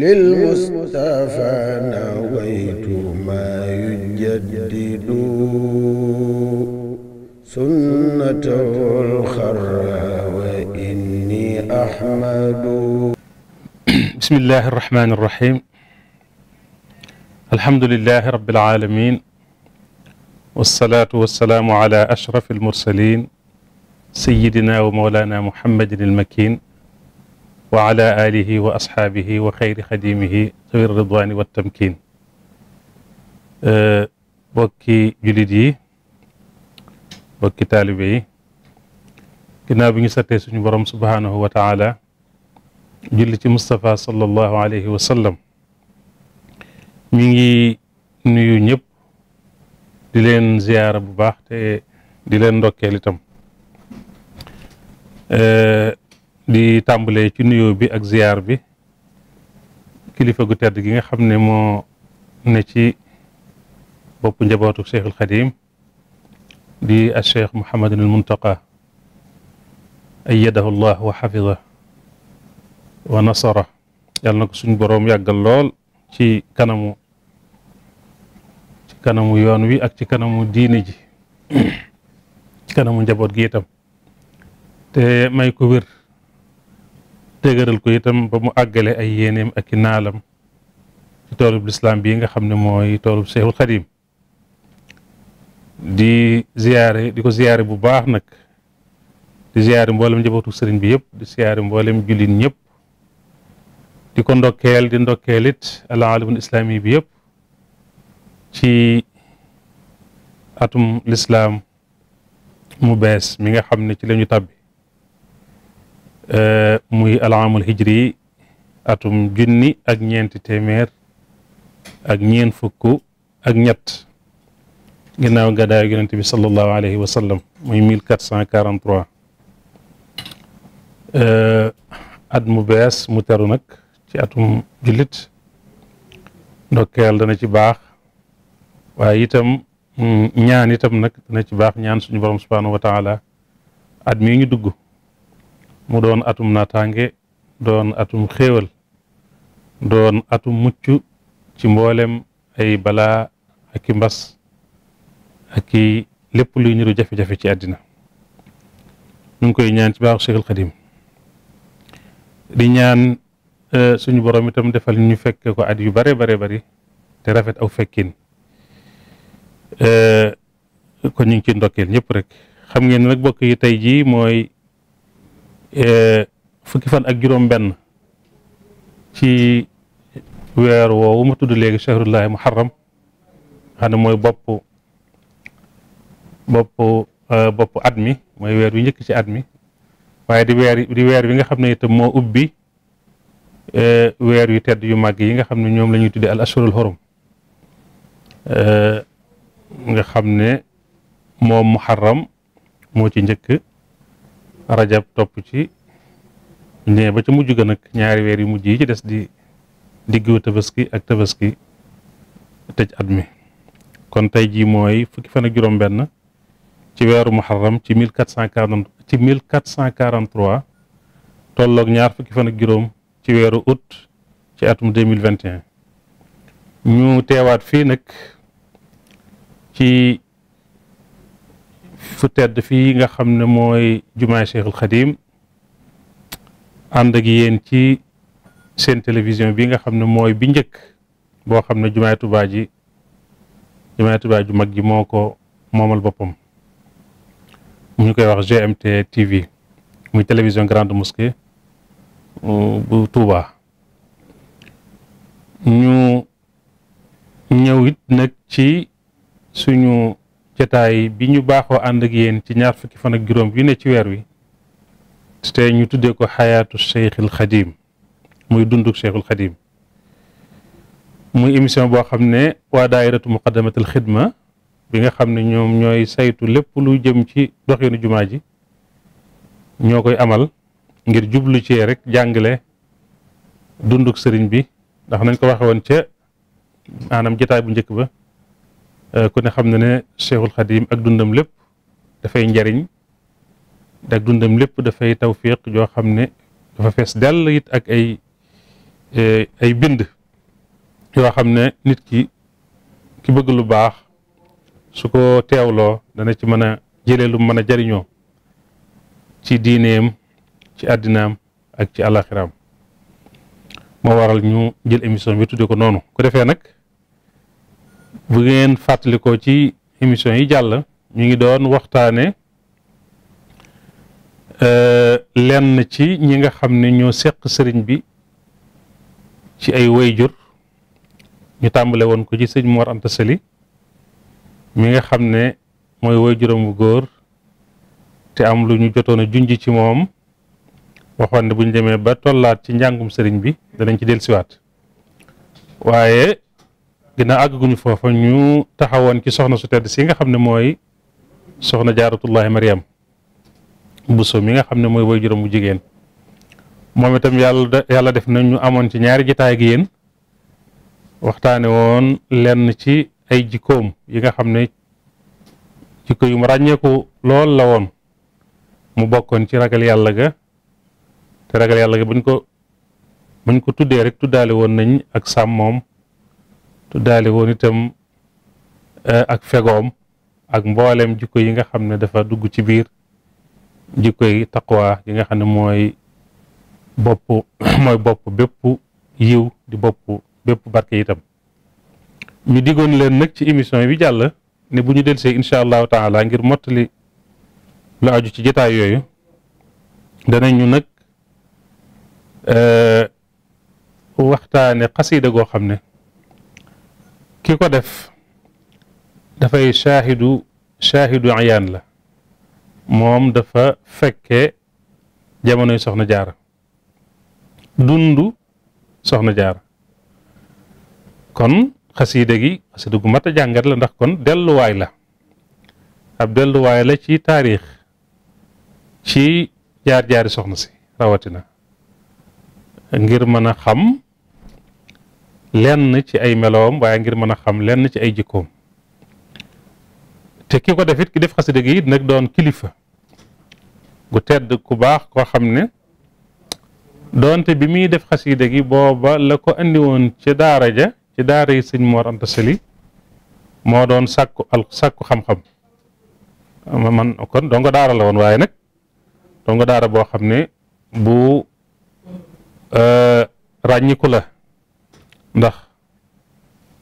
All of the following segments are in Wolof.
للمصطفى نويت ما يجدد سنته الخرى وإني أحمد بسم الله الرحمن الرحيم الحمد لله رب العالمين والصلاة والسلام على أشرف المرسلين سيدنا ومولانا محمد المكين wa ala alihi wa asxaabihi wa xayri xadimihi bokki jullit yi bokki taalibe yi ginnaaw bi ñu sattee suñu borom subhaanahu wa taala julli ci Moustapha sallallahu alayhi wa sallam ngi nuyu ñëpp di leen ziyaara bu baax te di leen ndokkeel itam di tàmbalee ci nuyoo bi ak ziyaar bi kilifa gu tedd gi nga xam ne moo ne ci boppu njabootu Cheikhul Xadim di al Cheikh Mouhamadul Muntaqa ayyadahu llah wa xafida wa nasara yàlla na ko suñ boroom yàggal lool ci kanamu kanamu yoon wi ak ci kanamu diine ji kanamu njaboot gi itam te may ko wér dëgëral ko itam ba mu àggale ay yéeneem ak i naalam ci toolub lislaam bii nga xam ne mooy toolub Seexul Xadiim di ziyaare di ko ziyaare bu baax nag di ziyaare mboolem njabootu sëriñ bi yëpp di ziyaare mboolem jullit ñëpp di ko ndokkeel di ndokkeel it alaalamul islaami bi yëpp ci atum lislaam mu bees mi nga xam ne ci lañu tàbbi Eh, muy alaamul hijri atum junni ak ñeenti téeméer ak ñeen fukk ak ñett ginnaaw gàddaayu yonente bi sallallahu alayhi wa sallam muy mille quatre cent quarante trois eh, at mu bees mu teru nag ci atum jullit ndokkeel dana ci baax waaye itam mm, ñaan itam nag dana ci baax ñaan suñu borom subhaanahu wa taala at mii ñu dugg mu doon atum naataange doon atum xéewal doon atum mucc ci mboolem ay balaa ak mbas ak i lépp luy niru jafe-jafe ci àddina ñu ngi koy ñaan ci baaxu Seexul Xadim di ñaan e, suñu borom itam defal ñu fekk ko at yu bare bare bari te rafet aw fekkin e, kon ñu ngi ci ndokkeel ñëpp rek xam ngeen nag bokk yi tey mooy Eh, fukki fan ak juróom-benn ci weer woowu ma tudd léegi shahrullahi muharram xam ne mooy bopp bopp eh, bopp at mi mooy weer wi njëkk ci at mi waaye di weer di wi nga xam ne itam moo ubbi eh, weer yu tedd yu màgg yi nga xam ne ñoom lañuy ñuy tuddee al ashurul hurum nga xam ne moom muharram moo ci njëkk rajab topp ci ñee ba ci mujj ga nag ñaari weer yu mujj yi ci des di diggu tabaski ak tabaski tëj at mi kon tey jii mooy fukki fan ak juróom-benn ci weeru muharram ci mille quatre cent quarante ci mille quatre cent quarante trois tolloog ñaar fukki fan juróom ci weeru août ci atum deux mille vingt et ñu teewaat fii nag ci fu tedd fii nga xam ne mooy jumaay Cheikhul Khadim ànd ak yéen ci seen télévision bi nga xam ne mooy bi njëkk boo xam ne jumaay Tuubaa ji jumaay ju mag ji moo ko moomal boppam mu ñu koy wax GMT TV muy télévision grande mosquée euh, bu Touba ñu ñëw it nag ci suñu jataay bi ñu baaxoo ànd ak yéen ci ñaar fukki fan ak juróom yu ne ci weer wi te ñu tuddee ko xayaatu Cheikhul Xadim muy dunduk Cheikhul Xadim muy émission boo xam ne waa daayiratu muqaddamatul xidma bi nga xam ne ñoom ñooy saytu lépp lu jëm ci doxinu jumaa ji ñoo koy amal ngir jublu ci rek jàngale dunduk sëriñ bi ndax nañ ko waxewoon ca anam jataay bu njëkk ba Euh, ku ne xam na ne Cheikhul Khadim ak dundam lépp dafay njariñ ak dundam lépp dafay tawfiq joo xam ne dafa fees dell it ak ay eh, ay bind yoo xam ne nit ki ki bëgg lu baax su ko teewloo dana ci mën a jëlee lu mën a jariñoo ci diineem ci àddinaam ak ci àllaaxiraam moo waral ñu jël émission bi tudde ko noonu ko defee nag bu ngeen fàttalikoo ci émission yi jàll ñu ngi doon waxtaane euh, lenn ci ñi nga xam ne ñoo seq sëriñ bi ci ay wayjur ñu tàmbale woon ko ci sëñ Mor Anta mi nga xam ne mooy wayjuram bu góor te am lu ñu jotoon a junj ci moom waxoon ne bu ñu demee ba tollaat ci njàngum sëriñ bi danañ ci dellusiwaat waaye ginnaaw àgguñu foofa ñu taxawoon ci soxna su tedd si nga xam ne mooy soxna jaaratullahi Mariam Bousso mi nga xam ne mooy juróom bu jigéen moom itam yàlla yàlla def nañ ñu amoon ci ñaari jitaay gi yéen waxtaane woon lenn ci ay jikkoom yi nga xam ne jikko yum ràññeeku lool la woon mu bokkoon ci ragal yàlla ga te ragal yàlla ga buñ ko buñ ko tuddee rek tuddaale woon nañ ak sàmmoom tuddaale woon itam eh, ak fegoom ak mboolem jikko yi nga xam ne dafa dugg ci biir jikko yi taqwa yi nga xam ne mooy bopp mooy bopp bépp yiw di bopp bépp barke itam ñu diggoon leen nag ci émission bi jàll ne bu ñu delsee incha allahu taala ngir mottali lu aju ci jataay yooyu danañu nag eh, waxtaane xasida goo xam ne ki ko def dafay shaahidu shaahidu ayaan la moom dafa fekke jamonoy soxna jaara dundu soxna jaara kon xasiida gi xasiida gu mat a jàngat la ndax kon delluwaay la ab delluwaay la ci taarix ci jaar-jaari soxna si rawatina ngir mën a xam lenn ci ay meloom waaye ngir mën a xam lenn ci ay jikkoom te ki ko def ki def xasida gi it doon kilifa gu tedd ku baax koo xam ne doonte bi muy def xasida gi booba la ko andi woon ci daara ja ci daara yi sëñ Mor Anta Sali moo doon sàkku al sàkku xam-xam man kon dongo daara la woon waaye nag dongo daara boo xam ne bu euh, ràññiku la ndax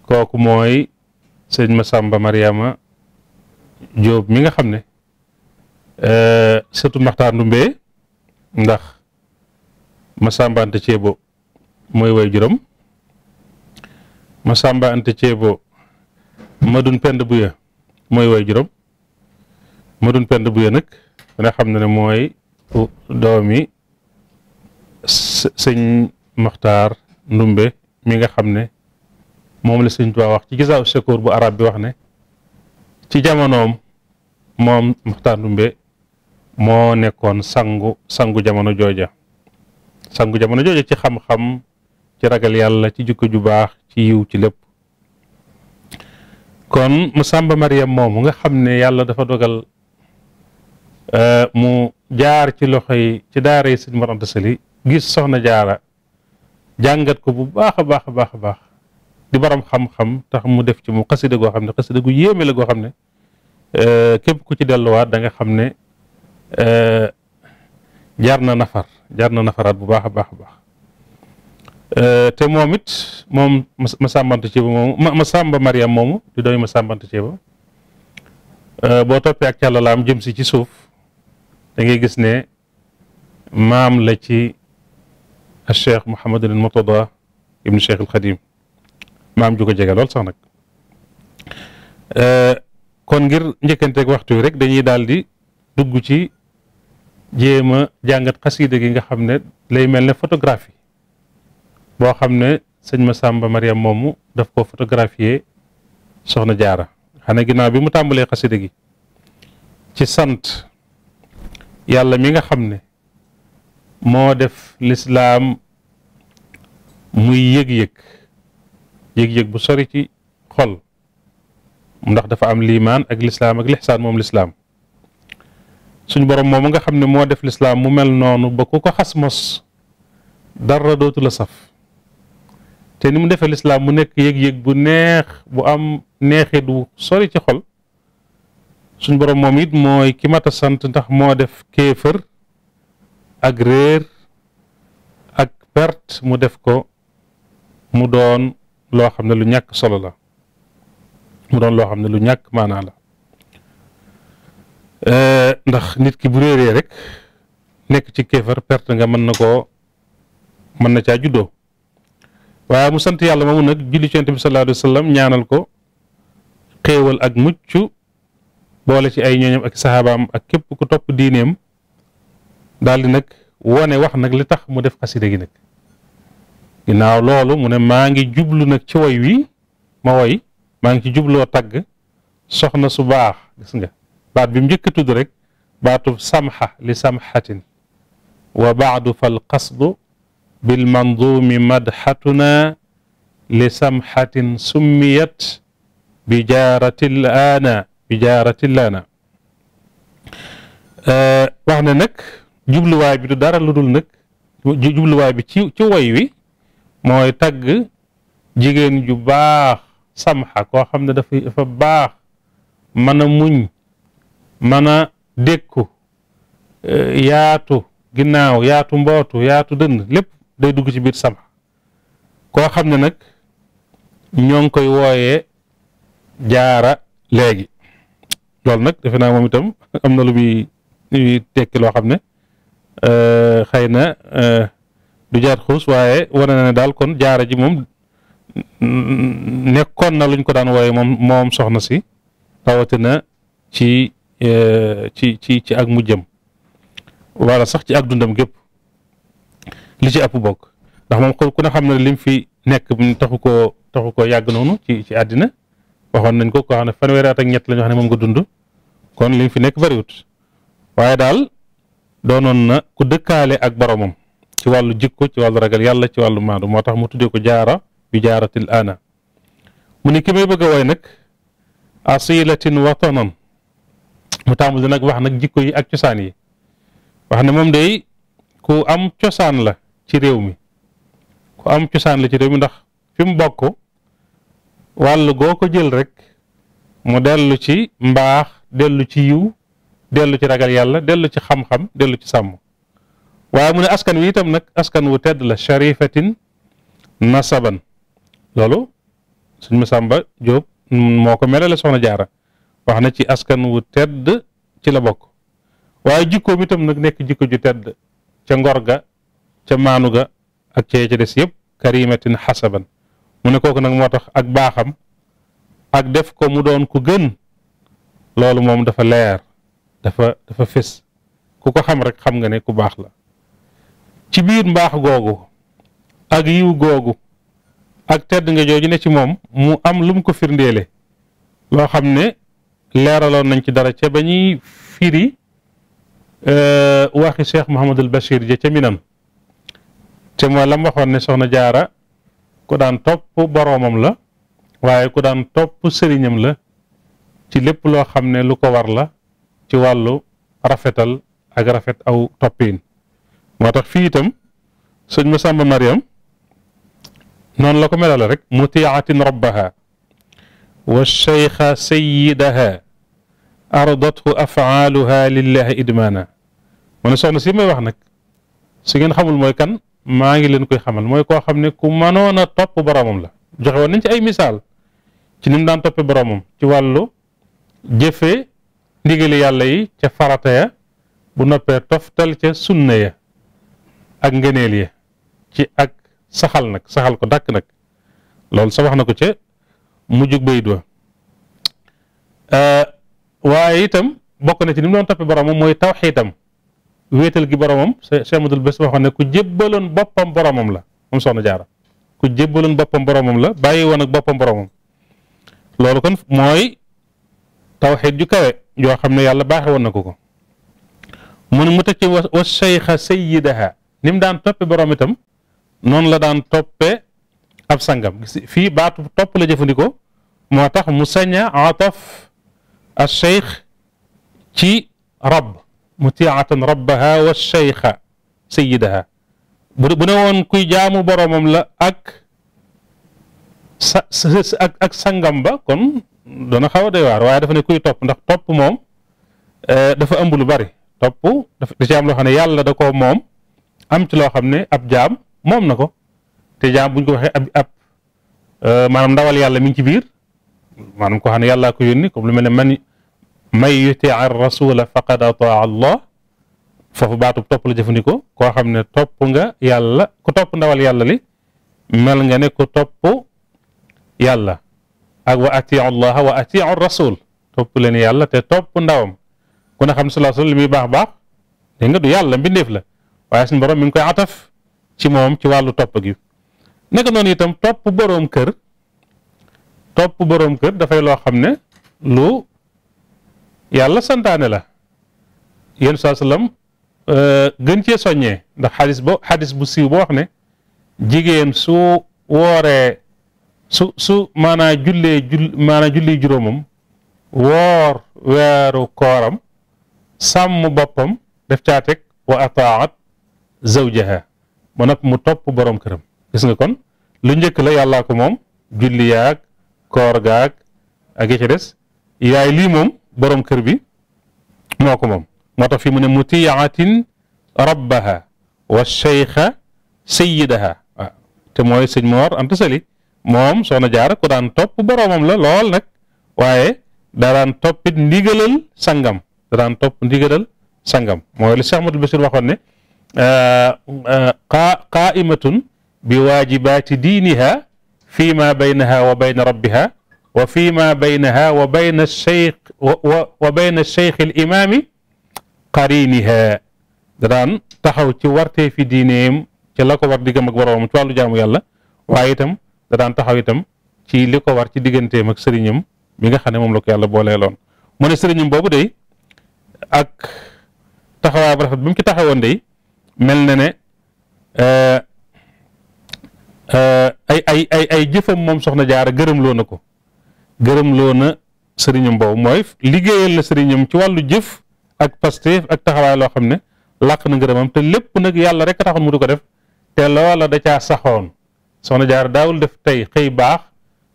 kooku mooy sëñ Masamba Mariama Jóob mi nga xam ne euh, sëtu Maxtaar Ndumbe ndax Masamba Anta Ceebo mooy way juróom Masamba Anta Ceebo Madun Pend Buya mooy way juróom Madun Pend buye nag nga xam ne ne mooy doomi sëñ Maxtaar Ndumbe mi nga xam ne moom la sëñ Tuubaa wax ci gisaaw secours bu arab bi wax ne ci jamonoom moom Maxtaar Ndumbe moo nekkoon sangu sangu jamono jooja sangu jamono jooja ci xam-xam ci ragal yàlla ci jikko ju baax ci yiw ci lépp kon mu Sàmba Mariam moomu nga xam ne yàlla dafa dogal euh, mu jaar ci loxo yi ci daara yi sëñ Mor Anta gis soxna jaara jàngat ko bu baax a baax a baax a baax di borom xam-xam tax mu def ci mu xasida goo xam ne xasida gu yéeme la goo xam ne euh, képp ku ci delluwaat danga xam ne euh, jaar na nafar jaar na nafaraat bu baax a baax a baax euh, te moom it moom ma sàmbante ci ba moomu ma sàmba Mariam moomu di doy ma sàmbante ci ba boo toppee ak càllalaam jëm si ci suuf da gis ne maam la ci Cheikh Mouhamadul Murtada ibnu Cheikh al Xadim maam ju ko jege lool sax nag euh, kon ngir njëkkanteek waxtu wi rek dañuy daal di dugg ci jéem a jàngat xasiida gi nga xam ne lay mel ne photographie boo xam ne sëñ Massamba Mariam moomu def ko photographier soxna jaara xanaa ginnaaw bi mu tàmbalee xasiida gi ci sant yàlla mi nga xam ne moo def lislaam muy yëg-yëg yëg-yëg bu sori ci xol ndax dafa am liimaan ak lislaam ak lixsaan moom lislaam suñ borom moom nga xam ne moo def lislaam mu mel noonu ba ku ko xas mos dara dootu la saf te ni mu defee lislaam mu nekk yëg-yëg bu neex bu am neexit wu sori ci xol suñ borom moom it mooy ki mat sant ndax moo def kéefër ak réer ak perte mu def ko mu doon loo xam ne lu ñàkk solo la mu doon loo xam ne lu ñàkk maanaa la euh, ndax nit ki bu réeree rek nekk ci kéefar perte nga mën na koo mën na caa juddoo waaye mu sant yàlla moomu nag julli ci yonent bi sallallahu alayhi ñaanal ko xéewal ak mucc boole ci ay ñooñam ak saxaabaam ak képp ku topp diineem daal di nag wone wax nag li tax mu def xasida gi nag ginnaaw loolu mu ne maa ngi jublu nag ci woy wi ma woy maa ngi ci jubloo tagg soxna su baax gis nga baat bi mu njëkk a tudd rek baatu samxa li samxatin wa baadu fal qasdu bil manduumi madxatuna li samxatin summiyat bi jaaratil aana bi jaaratil aana wax ne nag jubluwaay bi du dara lu dul nag jubluwaay bi ci ci woy wi mooy tagg jigéen ju baax samxa koo xam ne dafa dafa baax mën a muñ mën a dékku eh, yaatu ginnaaw yaatu mbootu yaatu dënn lépp day dugg ci biit samxa koo xam ne nag ñoo ngi koy wooyee jaara léegi loolu nag defe naa moom itam am na lu muy tekki loo xam ne Euh, xëy na euh, du jaar xuus waaye wane na ne daal kon jaara ji moom nekkoon na luñ ko daan wooye moom moom soxna si rawatina ci euh, ci ci ci ak mujjam wala sax ci ak dundam gépp li ci ëpp bokk ndax moom ku ne xam ne lim fi nekk taxu koo taxu koo yàgg noonu ci ci àddina waxoon nañ ko koo xam ne fanweeri at ñett la ñu wax ne moom nga dund kon lim fi nekk bariwut waaye daal doonoon na ku dëkkaale ak boromam ci wàllu jikko ci wàllu ragal yàlla ci wàllu maandu moo tax mu tuddee ko jaara bi jaaratil ana mu ni ki bëgg a woy nag asilatin watanan mu taamu di nag wax nag jikko yi ak cosaan yi wax ne moom day ku am cosaan la ci réew mi ku am cosaan la ci réew mi ndax fi mu bokk wàllu goo ko jël rek mu dellu ci mbaax dellu ci yiw dellu ci ragal yàlla dellu ci xam-xam dellu ci sàmm waaye mu ne askan wi itam nag askan wu tedd la sharifatin nasaban loolu suñ Masamba Jóob moo ko melale soxna jaara wax na ci askan wu tedd ci la bokk waaye jikkoom itam nag nekk jikko ju tedd ca ngor ga ca maanu ga ak cee ca des yëpp karimatin xasaban mu ne kooku nag moo tax ak baaxam ak def ko mu doon ku gën loolu moom dafa leer dafa dafa fés ku ko xam rek xam nga ne ku baax la ci biir mbaax googu ak yiw googu ak tedd nga jooju ne ci moom mu am lum ko firndeele loo xam ne leeraloon nañ ci dara ca ba ñuy firi euh, waxi cheikh Mouhamadul Bachir ja ca minam te mooy lam waxoon ne soxna jaara ku daan topp boroomam la waaye ku daan topp sëriñam la ci lépp loo xam ne lu ko war la ci wàllu rafetal ak rafet aw toppiin moo tax fii itam sëñ Masamba Mariam noonu la ko melale rek mu mutiatin rabbaha wa cheykha sayidaha ardathu afaaluha lillahi idmaana mu ne soxna si may wax nag su ngeen xamul mooy kan maa ngi leen koy xamal mooy koo xam ne ku mënoon a topp boromam la joxe woon nañ ay misaal ci ni daan toppee boromam ci wàllu jëfee ndigali yàlla yi ca farata ya bu noppee toftal ca sunna ya ak ngëneel ya ci ak saxal nag saxal ko dàkk nag loolu sa wax na ko ca mujjug bayit wa waaye itam bokk na ci ni mu doon toppe boromam mooy itam wéetal gi boromam Cheikh Amadou Bés waxoon ne ku jébbaloon boppam boromam la moom soxna jaara ku jébbaloon boppam boromam la bàyyi woon ak boppam boromam loolu kon mooy tawxid ju kawe yoo xam ne yàlla baaxe woon na ko ko mu ne mu teg ci wa cheikha sayidaha ni mu daan toppe borom itam noonu la daan toppe ab sangam fii baatu topp la jëfandikoo moo tax mu saña ataf al cheikh ci rab mutiatan rabbaha wa cheikha sayidaha bu bu ne woon kuy jaamu boromam la ak ak ak sangam ba kon doona xaw a doy waar waaye dafa ne kuy topp ndax topp moom eh, dafa ëmb lu bari topp da ci loo xam ne yàlla da ko moom am ci loo xam ne ab jaam moom na ko te jaam buñ ko waxee ab ab eh, maanaam ndawal yàlla mi ngi ci biir maanaam koo xam ne yàllaa ko lu mel ne man may yuti ar rasula faqad ataa allah foofu baatub topp la jëfandikoo koo xam ne topp nga yàlla ku topp ndawal yàlla li mel nga ne ku topp yàlla ak wa atiu allaha wa atiu rasul topp leen yàlla te topp ndawam ku ne xam salaa li muy baax baax dégg nga du yàlla mbindeef la waaye suñu borom mi ngi koy ataf ci moom ci wàllu topp gi naka noonu itam topp boroom kër topp boroom kër dafay loo xam ne lu yàlla santaane la yéen saa sallam euh, gën cee soññee ndax xadis bo xadis bu siiw boo wax ne jigéen su wooree su su maanaa jullee jul maanaa julli juróomam woor weeru kooram sàmm boppam def caateg teg wa ataat zawjaha ba nag mu topp borom këram gis nga kon lu njëkk la yàllaa ko moom julli yaag koor gaag ak ci yaay lii moom borom kër bi moo ko moom moo tax fi mu ne mutiyatin rabbaha wa cheykha sayidaha waaw ah, te mooy sëñ Mor Anta Sali moom soxna jaara ku daan topp boroomam la lool nag waaye daa daan toppit ndigalal sangam da daan topp ndigalal sangam mooy li Cheikh Ahmadul Bachir waxoon ne qaa qaaimatun bi waajibaati diiniha fii ma baynaha wa bayna rabbiha wa fii ma baynaha wa bayna cheikh wa bayna cheikh al imaami qariiniha da daan taxaw ci wartee fi diineem ci la ko war diggam ak boroomam ci wàllu jaamu yàlla waaye itam da daan taxaw itam ci li ko war ci digganteem ak sëriñam mi nga xam ne moom la ko yàlla loon mu ne sëriñam boobu day ak taxawaay bu rafet bi mu ci taxawoon dey mel na ne euh, euh, ay ay ay ay jëfam moom soxna jaara gërëmloo na ko gërëmloo na sëriñam boobu mooy liggéeyal na sëriñam ci wàllu jëf ak pasteef ak taxawaay loo xam ne làq na ngërëmam te lépp nag yàlla rek a taxoon mu di ko def te loola da caa saxoon soo na jaar daawul def tey xëy baax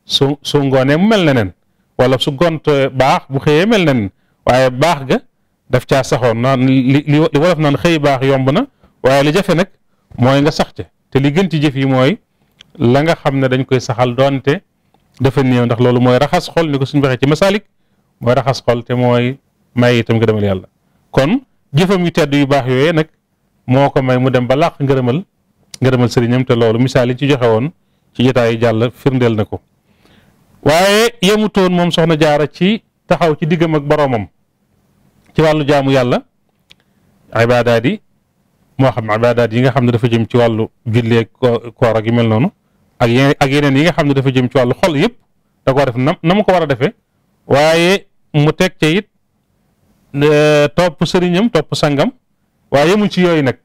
su su ngoonee mu mel na nen wala su gont eh, baax bu xëyee mel na nen waaye baax ga daf caa saxoon naan li li wolof naan xëy baax yomb na waaye li jafe nag mooy nga sax ca te li gën ci jëf yi mooy la nga xam ne dañ koy saxal doonte dafa néew ndax loolu mooy raxas xol ni ko suñu waxee ci masalik mooy raxas xol te mooy may itam nga demal yàlla kon jëfam yu tedd yu baax yooyee nag moo ko may mu dem ba làq ngërëmal ngërëmal sëriñam te loolu misaal yi ci joxe woon ci jotaay jàll firndeel na ko waaye yemutoon moom soxna jaara ci taxaw ci diggam ak boroomam ci wàllu jaamu yàlla ibaadaat moo xam ibaadaat yi nga xam ne dafa jëm ci wàllu jullee koor ak yu mel noonu ak yeneen ak yeneen yi nga xam ne dafa jëm ci wàllu xol yëpp da ko def na mu ko war a defee waaye mu teg ca euh, topp sëriñam topp sangam waaye yemul ci yooyu nag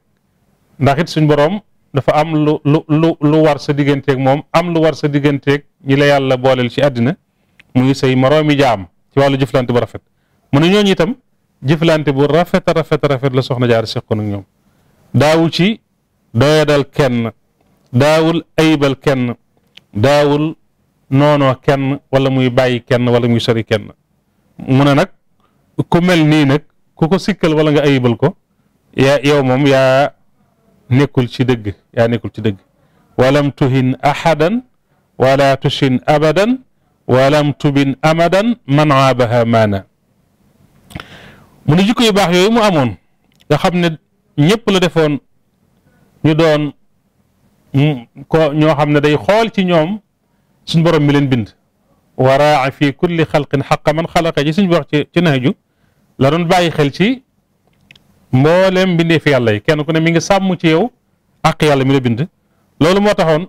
ndax suñ boroom dafa am lu lu lu lu war sa digganteeg moom am lu war sa digganteeg ñi la yàlla booleel ci àddina muy say moroomi jaam ci wàllu jëflante bu rafet mu ne ñooñu itam jëflante bu rafet a rafet rafet la soxna jaar ko ak ñoom daawu ci doyadal kenn daawul ayibal kenn daawul noonoo kenn wala muy bàyyi kenn wala muy sori kenn mu ne nag ku mel nii nag ku ko sikkal wala nga ayibal ko yaa moom yaa nekkul ci dëgg yaa nekkul ci dëgg walam tuhin ahadan wala tushin abadan walam tubin amadan man aabaha maana mu ne jikko yu baax yooyu mu amoon nga xam ne ñëpp la defoon ñu doon ko ñoo xam ne day xool ci ñoom suñ borom mi leen bind waraa fi kulli xalqin xaqa man xalaqa ci suñ wax ci ci naaju la doon bàyyi xel ci mboolem bindee fi yàlla yi kenn ku ne mi ngi sàmm ci yow àq yàlla mi la bind loolu moo taxoon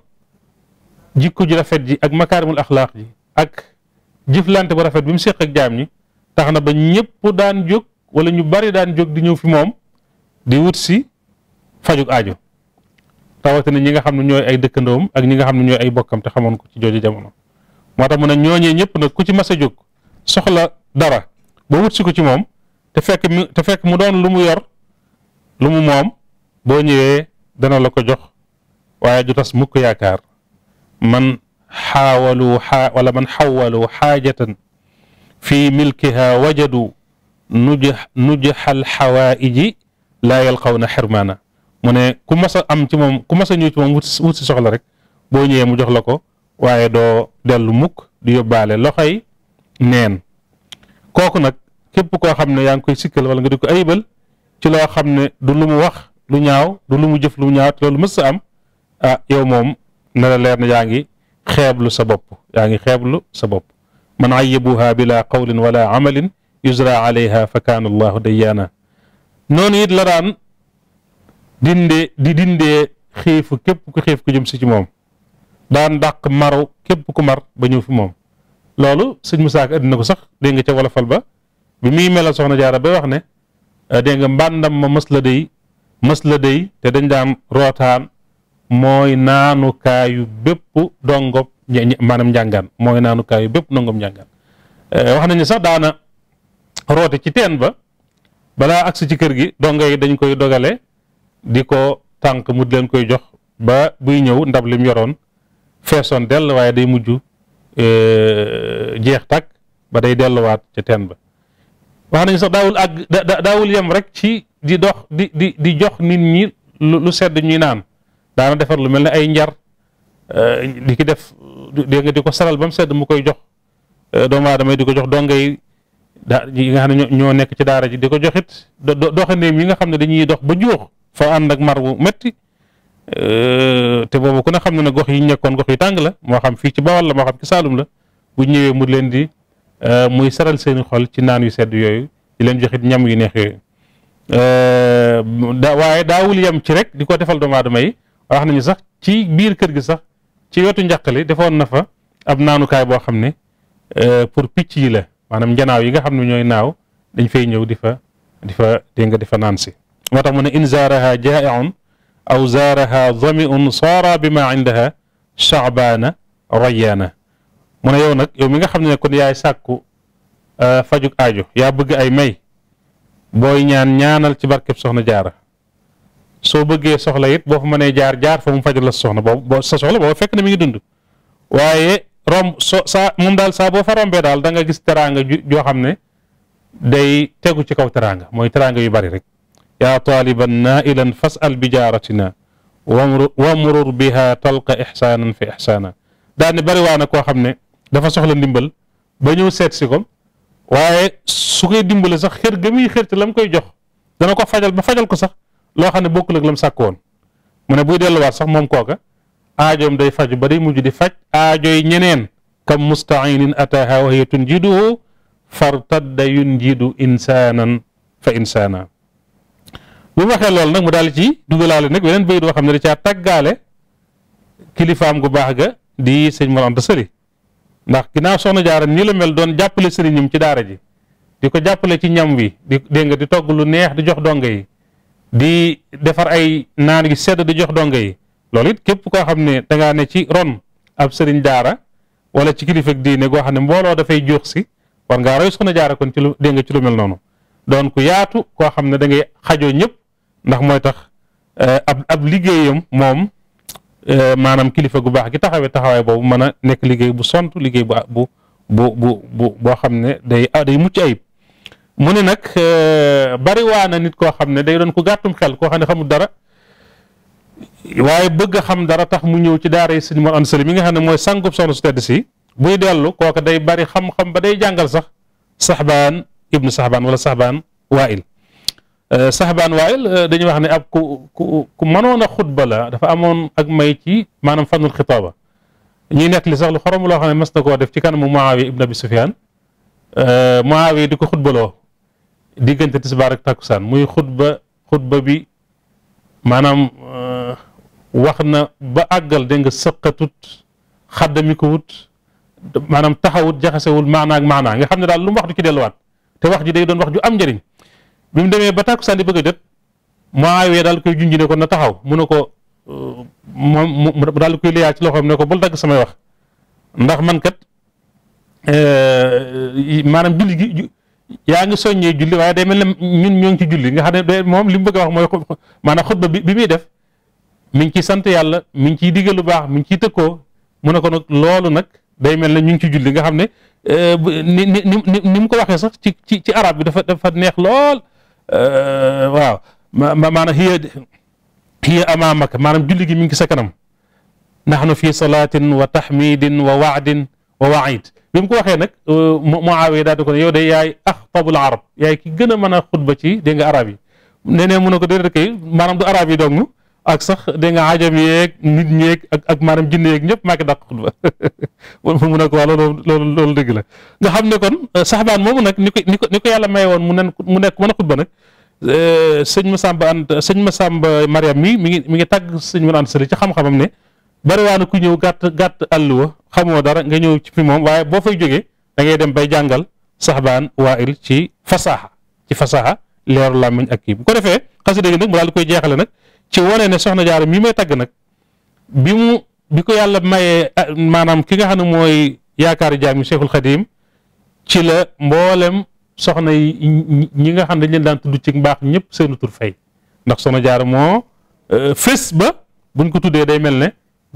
jikko ji rafet ji ak makaarimul axlaaq ji ak jëflante bu rafet bi mu séq ak jaam ñi tax na ba ñëpp daan jóg wala ñu bari daan jóg di ñëw fi moom di wut si fajug aajo rawatina ñi nga xam ne ñooy ay dëkkandoom ak ñi nga xam ne ñooy ay bokkam te xamoon ko ci jooju jamono moo tax mu ne ñooñee ñëpp nag ku ci mas a jóg soxla dara ba wut si ko ci moom te fekk fekk mu doon lu mu yor lu mu moom boo ñëwee dana la ko jox waaye du tas mukk yaakaar man xaawalu xaa wala man xawalu xaajatan fi milkiha wajadu nuj nujxal xawaaiji laa yalqawna xirmaana mu ne ku mas a am ci moom ku mas a ñëw ci si soxla rek boo ñëwee mu jox la ko waaye doo dellu mukk di yóbbaale loxoy neen kooku nag képp koo xam ne yaa ngi koy sikkal wala nga di ko ayibal ci loo xam ne du lu mu wax lu ñaaw du lu mu jëf lu mu ñaaw te loolu mës sa am ah yow moom na leer na yaa ngi xeeblu sa bopp yaa ngi xeeblu sa bopp man ayyibuha bila qawlin wala amalin yuzra alayha fa kaana allahu dayyaana noonu it la daan dinde di dindee xiif képp ku xiif ku jëm si ci moom daan dàq maru képp ku mar ba ñëw fi moom loolu sëñ Musaa Ka indi na ko sax dégg nga ca wolofal ba bi muy melal soxna jaara ba wax ne Euh, dégg nga mbàndam ma mës la day mës la day te dañ daan rootaan mooy naanukaayu bépp dongob maanaam njàngaan mooy naanukaayu bépp dongob njàngaan euh, wax nañu sax daana roote ci teen ba balaa agsi ci kër gi dongo yi dañ koy dogale di ko tànk mu di koy jox ba buy ñëw ndab lim yoroon feesoon dell waaye day mujj euh, jeex takk ba day delluwaat ca teen ba wax nañ sax daawul àgg daawul yem rek ci di dox di di di jox nit ñi lu sedd ñuy naan daana defar lu mel ne ay njar euh, di ki def dégg nga di ko saral ba mu sedd mu koy jox euh, doomu aadama di ko jox donga yi daa yi nga xam ne ñoo nekk ci daara ji di ko joxit doxandéem yi nga xam ne dañuy dox ba juux fa ànd ak mar wu métti euh, te boobu ku ne xam ne ne gox yi ñu nekkoon gox yu tàng la moo xam fii ci bawal la moo xam ci la bu ñëwee mu leen di Euh, muy saral seeni xol ci naan yu sedd yooyu di leen joxit ñam yu neex yooyu euh, da waaye daawul yem ci rek di ko defal doomu aadama yi wax nañu sax ci biir kër gi sax ci wetu njàqali defoon na fa ab naanukaay boo xam ne euh, pour picc yi la maanaam njanaaw yi nga xam ne ñooy naaw dañ fay ñëw di fa di fa dégg nga di naan si moo tax mu ne in zaaraha jaaiun aw zaaraha damiun saara bi ma indaha shaabaana rayaana mu ne yow nag yow mi nga xam ne kon yaay sàkku euh, fajuk aajo yaa bëgg ay may booy ñaan ñaanal ci barkeb soxna jaara soo bëggee soxla it boo fa mënee jaar jaar fa mu fajal la soxna boobu sa soxla fekk na mi ngi dund waaye romb so saa moom daal saa boo fa rombee daal da nga gis teraanga joo xam ne day tegu ci kaw teraanga mooy teraanga yu bari rek yaa taaliban nailan fasal bi jaaratina wamrur biha talqa ixsaanan fi ixsaana daal ne bari waa koo xam ne dafa soxla ndimbal ba ñëw seet si ko waaye su koy dimbale sax xër ga muy xër la mu koy jox dana ko fajal ba fajal ko sax loo xam ne bokk ak la mu sàkk woon mu ne buy delluwaat sax moom kooka aajoom day faju ba day mujj di faj aajoy ñeneen kam mustainin ataha wa hiya tunjiduhu fartadda yunjidu insaanan fa insaana bu waxee loolu nag mu daal ci dugalaale nag weneen bayit boo xam ne da caa tàggaale kilifaam gu baax ga di sëñ Mor Anta Sali ndax ginnaaw soxna jaara nii la mel doon jàppale sëriñam ci daara ji di ko jàppale ci ñam wi di dégg nga di togg lu neex di jox donga yi di defar ay naan gi sedd di jox donga yi loolu it képp koo xam ne dangaa ne ci ron ab sëriñ daara wala ci kilifa diine goo xam ne mbooloo dafay jox si war ngaa roy soxna jaara kon ci lu dégg nga ci lu mel noonu doon ku yaatu koo xam ne da ngay xajoo ñëpp ndax mooy tax eh, ab ab liggéeyam moom Euh, maanaam kilifa gu baax gi taxawee taxawaay boobu mën a nekk liggéey bu sontu liggéey bu bu bu bu boo xam ne day ah, day mucc ayib mu ne nag euh, bari waa na nit koo xam ne day doon ku gàttum xel koo xam ne xamul dara waaye bëgg a xam dara tax mu ñëw ci daara yi sëñ Mor Anta Sali mi nga xam ne mooy sàngub soxna su tedd si buy dellu kooka day bari xam-xam ba day jàngal sax saxbaan ibnu saxbaan wala saxbaan waa'il Euh, saxbaan waayil euh, dañuy wax ne ab ku ku ku mënoon a xutba la dafa amoon ak may ci maanaam fannul xitaaba ñuy nekk li sax lu xorom loo xam ne mas na koo def ci kanamu Muawiya ibn Abi Sufyaan euh, Muawiya di ko xutbaloo diggante tisbaar ak takkusaan muy xutba xutba bi maanaam wax na ba àggal dégg nga xadda xaddami ko wut maanaam taxawut jaxasewul maanaa ak maanaa nga xam ne daal lu mu wax du ci delluwaat te wax ji day doon wax ju am njëriñ bi mu demee ba tàkkusaan di bëgg a jot Muawiya daal koy junj ko na taxaw mu ne ko uh, moom mu daal koy liyaa ci loxoom ne ko bul dagg samay wax ndax man kat uh, maanaam julli yaa ngi soññee julli waaye day mel ne ñun ñoo ngi ci julli nga xam ne day moom li mu bëgg wax mooy maanaam xutba bi bi muy def mi ngi ciy sant yàlla mi ngi ciy digal lu baax mi ngi ciy tëkkoo mu ne ko nag loolu nag day mel ne ñu ngi ci julli nga xam ne uh, ni ni ni ni mu ko waxee sax ci ci ci arab bi dafa dafa neex lool. Euh, waaw maanaam hiya hiya amaamaka maanaam julli gi mi ngi sa kanam nahnu fi salaatin wa tahmidin wa waadin wa waid bi mu ko waxee nag euh, Muawiya daal di ko ne yow de yaay axtabul arab yaay ki gën a mën a xutba ci dégg nga arab yi nee ne mun na ko déedéet kay maanaam du arab yi dong ak sax dégg nga ajam yeeg nit ñeeg ak ak maanaam jinne yeeg ñëpp maa ngi dàq xutba mu ne ko waa loolu loolu loolu la nga xam ne kon euh, saxbaan moomu nag ni ko ni ko ni ko yàlla may woon mu nen mu nekk mën a xutba nag euh, sëñ ma Ant sëñ Masamba Mariam mi mi ngi mi ngi tàgg sëñ Mor Anta Sali ci xam-xamam ne bari waa na ku ñëw gàtt gàtt àlluwa xamoo dara nga ñëw ci fi moom waaye boo fay jógee da ngay dem bay jàngal saxbaan waa'il ci fasaxa ci fasaxa leeru làmmiñ ak kii bu ko defee xasida gi nag mu koy jeexale nag ci wane ne soxna jaara mi may tagg nag bi mu bi ko yàlla mayee ah, maanaam ki nga xam ne mooy yaakaaru jaam yi Cheikhul Xadim ci la mboolem soxna yi ñi nga xam ne dañ leen daan tudd ci mbaax ñëpp seenu tur fay ndax soxna jaara moo euh, fés ba buñ ko tuddee day mel ne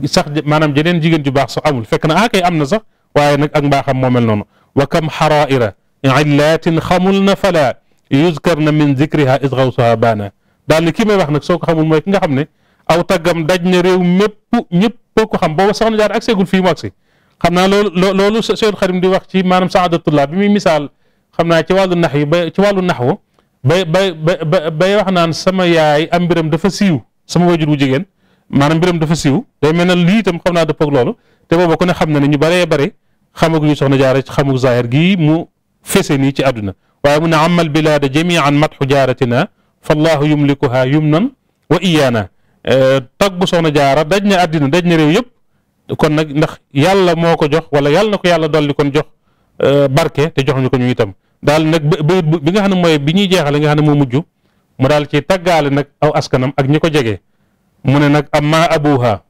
sax maanaam jeneen jigéen ju baax sax amul fekk na ah kay am na sax waaye nag ak mbaaxam moo mel noonu wa kam xaraira illatin xamul na fala yuzkar na min zikriha isgawsuha baana daal ni ki may wax nag soo ko xamul mooy ki nga xam ne aw taggam daj na réew mépp ñëpp ko xam booba soxna jaar ak seegul fii mu agsi xam naa loolu loolu Seydou Xarim di wax ci maanaam saadatullah bi muy misaal xam naa ci wàllu nax yi ba ci wàllu nax wo bay bay ba bay wax naan sama yaay am mbiram dafa siiw sama wajur wu jigéen maanaam mbiram dafa siw day mel ne lii itam xam naa dëppoog loolu te booba ku ne xam na ne ñu bëree bëri xamaguñu soxna jaara ci xamug zaahir gii mu fese nii ci àdduna waaye mu ne amal bilaada jamian matxu jaaratina fallaahu yumlikuha yumnan wa iyaana eh, tagg soxna jaara daj na àddina daj na réew yëpp kon nag ndax yàlla moo ko jox wala yàlla na ko yàlla dolli kon jox eh, barke te jox ñu ko ñu itam daal nag bayit bi nga xam ne mooy bi ñuy jeexale nga xam ne moo mujj mu daal ci taggaale nag aw ak ñi ko jege mu ne nag am amma abuha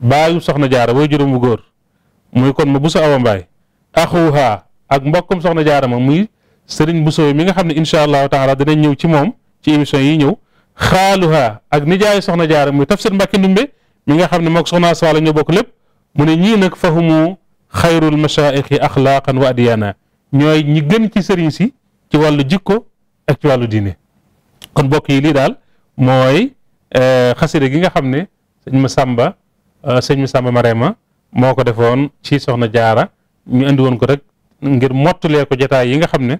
baayu soxna jaara way juróom bu góor muy kon ma busa awa mbaay axuha ak mbokkum soxna jaara ma muy sëriñ busoo mi nga xam ne incha allahu taala dinañ ñëw ci moom ci émission yi ñëw xaaluha ak nijaayu soxna jaara muy tafsir Mbàkke Ndumbe mi nga xam ne mook soxna Aswaala ñoo bokk lépp mu ne ñii nag fahumu xayrul mashaayixi axlaaqan wa adiyaana ñooy ñi gën ci sëriñ si ci wàllu jikko ak ci wàllu diine kon bokk yi lii daal mooy eh, xasida gi nga xam ne sëñ ma sàmba eh, sëñ ma sàmba Marema moo ko defoon ci soxna jaara ñu indi woon ko rek ngir mottulee ko jataay yi nga xam ne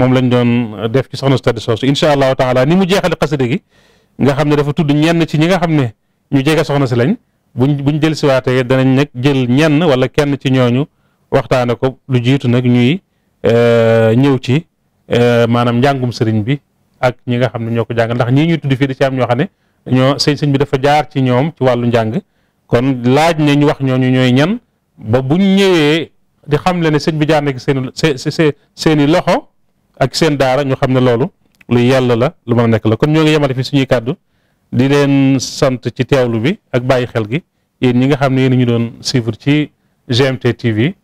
moom lañ doon def ci soxna su tedd soosu incha allahu taala ni mu jeexale xasida gi nga xam ne dafa tudd ñenn ci ñi nga xam ne ñu jege soxna si lañ bu ñu jël siwaatee danañ nag jël ñenn wala kenn ci ñooñu waxtaane ko lu jiitu nag ñuy euh, ñëw ci euh, maanaam njàngum sëriñ bi ak ñi nga xam ne ñoo ko jàng ndax ñii ñuy tudd fii da am ñoo xam ne ñoo sëñ sëñ bi dafa jaar ci ñoom ci wàllu njàng kon laaj ne ñu wax ñooñu ñooy ñan ba bu ñëwee di xam le ne sëñ bi jaar na ci seen seen seeni loxo ak seen daara ñu xam ne loolu lu yàlla la lu mën nekk la kon ñoo ngi yemale fi suñuy kaddu di leen sant ci teewlu bi ak bàyyi xel gi yéen ñi nga xam ne yéen ñu doon suivre ci GMT TV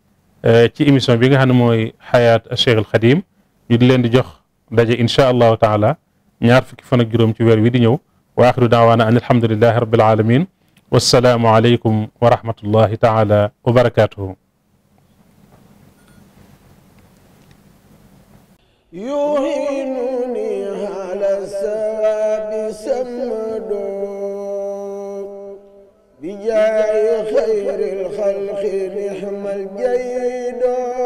eh, ci émission bi nga xam ne mooy xayaat Cheikh al Xadim ñu di leen di jox daje incha allahu taala ñaar fukki fan ak juróom ci weer wi di ñëw wa axiru daawaana an alhamdulillahi rabbil alamin salaam aleykum wa rahmatullahi taala wa barakatuhu يعينني على الثواب سمد بجاه خير الخلق نحم الجيد